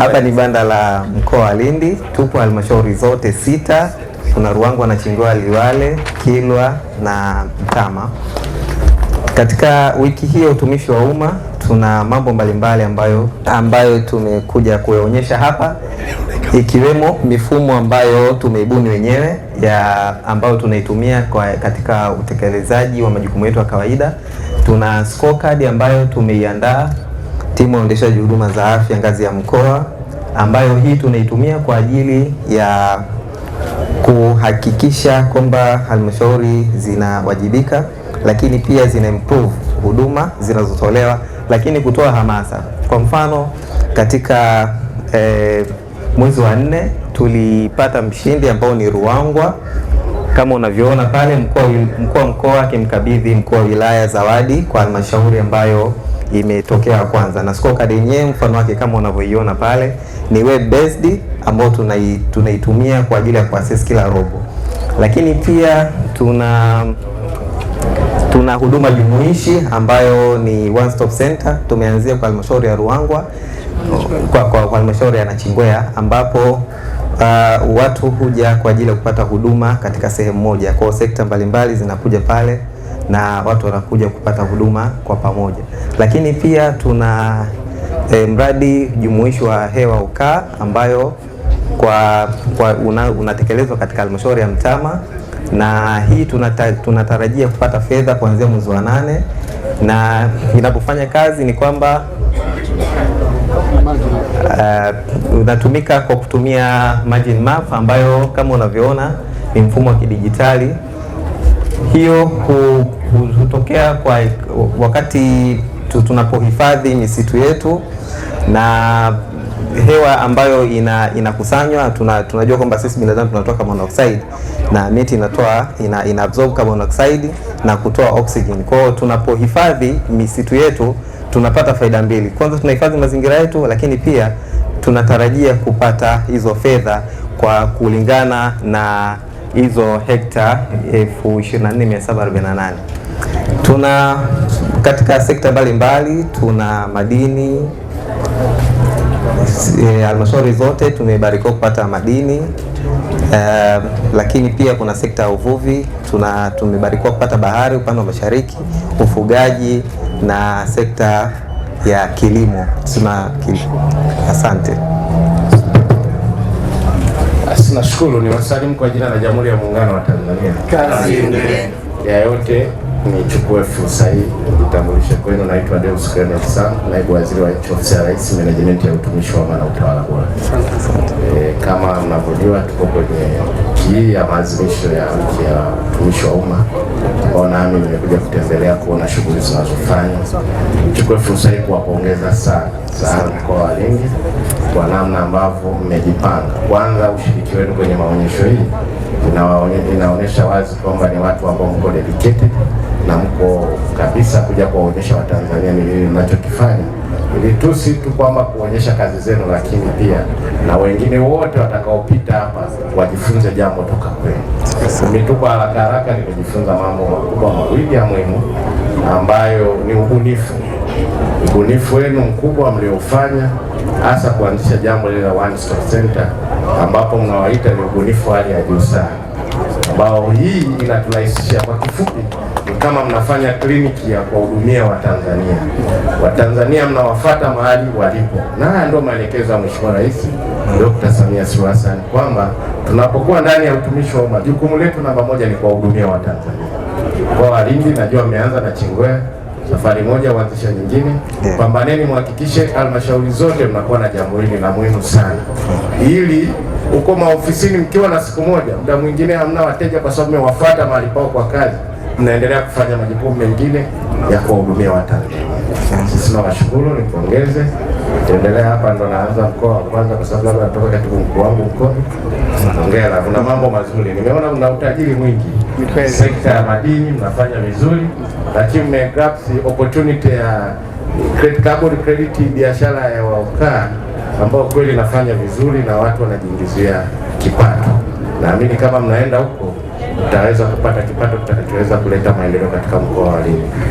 Hapa ni banda la mkoa wa Lindi, tupo halmashauri zote sita, kuna Ruangwa na Chingoa, Liwale, Kilwa na Mtama. Katika wiki hii ya utumishi wa umma tuna mambo mbalimbali ambayo, ambayo tumekuja kuyaonyesha hapa ikiwemo mifumo ambayo tumeibuni wenyewe ya ambayo tunaitumia kwa katika utekelezaji wa majukumu yetu ya kawaida. Tuna scorecard ambayo tumeiandaa timu ya uendeshaji huduma za afya ngazi ya mkoa, ambayo hii tunaitumia kwa ajili ya kuhakikisha kwamba halmashauri zinawajibika, lakini pia zina improve huduma zinazotolewa, lakini kutoa hamasa. Kwa mfano katika eh, mwezi wa nne tulipata mshindi ambao ni Ruangwa kama unavyoona pale, mkuu wa mkoa akimkabidhi mkuu wa wilaya zawadi kwa halmashauri ambayo imetokea kwanza, na scorecard yenyewe mfano wake kama unavyoiona pale ni web based, ambayo tunaitumia kwa ajili ya kuassess kila robo, lakini pia tuna tuna huduma jumuishi ambayo ni one stop center. Tumeanzia kwa halmashauri ya Ruangwa kwa, kwa, kwa halmashauri ya Nachingwea ambapo Uh, watu huja kwa ajili ya kupata huduma katika sehemu moja. Kwa sekta mbalimbali zinakuja pale na watu wanakuja kupata huduma kwa pamoja. Lakini pia tuna e, mradi jumuishi wa hewa ukaa ambayo kwa, kwa una, unatekelezwa katika halmashauri ya Mtama na hii tunata, tunatarajia kupata fedha kuanzia mwezi wa nane na inapofanya kazi ni kwamba uh, unatumika kwa kutumia margin map ambayo kama unavyoona ni mfumo wa kidijitali hiyo hutokea kwa wakati tunapohifadhi misitu yetu na hewa ambayo ina inakusanywa tuna, tunajua kwamba sisi binadamu tunatoa carbon dioxide na miti inatoa ina, ina absorb carbon dioxide na kutoa oxygen. Kwa hiyo tunapohifadhi misitu yetu tunapata faida mbili. Kwanza tunahifadhi mazingira yetu, lakini pia tunatarajia kupata hizo fedha kwa kulingana na hizo hekta 24748 tuna katika sekta mbalimbali, tuna madini eh, halmashauri e, zote tumebarikiwa kupata madini e, lakini pia kuna sekta ya uvuvi tuna tumebarikiwa kupata bahari upande wa mashariki, ufugaji na sekta ya kilimo tuna. Asante nashukuru ni wasalimu kwa jina la Jamhuri ya Muungano wa Tanzania. Kazi Ya yote nichukue fursa hii nijitambulishe kwenu, naitwa Deus Clement Sam, naibu waziri wa nchi ofisi ya Rais, menejimenti ya utumishi wa umma na utawala bora. E, kama mnavyojua tuko kwenye wiki hii ya maadhimisho ya wiki ya utumishi wa umma ambao nami nimekuja kutembelea kuona shughuli zinazofanya. Nichukue fursa hii kuwapongeza sana sana mkoa wa Lindi kwa namna ambavyo mmejipanga. Kwanza ushiriki wenu kwenye maonyesho hii inaonyesha wazi kwamba ni watu ambao mko dedicated na mko kabisa kuja kuwaonyesha Watanzania ni nini mnachokifanya, ili tu si tu kwamba kuonyesha kazi zenu, lakini pia na wengine wote watakaopita wajifunze jambo toka kwenu. Mimi tu kwa haraka haraka nimejifunza mambo makubwa mawili ya muhimu ambayo ni ubunifu, ubunifu wenu mkubwa mliofanya hasa kuanzisha jambo lile la One Stop Center ambapo mnawaita ni ubunifu hali ya juu sana ambao hii inaturahisishia. Kwa kifupi, ni kama mnafanya kliniki ya kuwahudumia Watanzania. Watanzania mnawafata mahali walipo, na haya ndio maelekezo ya Mheshimiwa Rais Dr. Samia Suluhu Hassan kwamba tunapokuwa ndani ya utumishi wa umma, jukumu letu namba moja ni kuwahudumia Watanzania. Kwa Walindi najua mmeanza na Chingwea safari moja uanzisha nyingine Pambaneni, muhakikishe halmashauri zote mnakuwa na jambo hili la muhimu sana, ili huko maofisini mkiwa na siku moja, muda mwingine hamna wateja kwa sababu mmewafuata mahali pao kwa kazi, mnaendelea kufanya majukumu mengine ya kuwahudumia Watanzania. Sisi nawashukuru, nipongeze, endelea hapa. Ndo naanza mkoa wa kwanza kwa sababu labda natoka katibu mkuu wangu mkoani. Hongera, kuna mambo mazuri, nimeona mna utajiri mwingi sekta ya madini mnafanya vizuri, lakini mmegrasp opportunity ya credit carbon credit biashara ya waukaa ambao kweli nafanya vizuri na watu wanajiingizia kipato. Naamini kama mnaenda huko mtaweza kupata kipato kitakachoweza kuleta maendeleo katika mkoa wa Lindi.